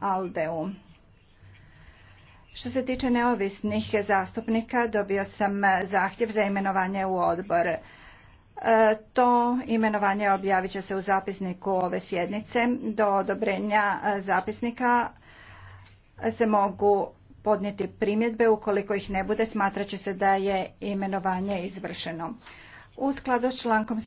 Aldeu. Što se tiče neovisnih zastupnika, dobio sam zahtjev za imenovanje u odbor. E, to imenovanje objavit će se u zapisniku ove sjednice. Do odobrenja e, zapisnika e, se mogu podnijeti primjedbe. Ukoliko ih ne bude, smatraće se da je imenovanje izvršeno. U skladu s člankom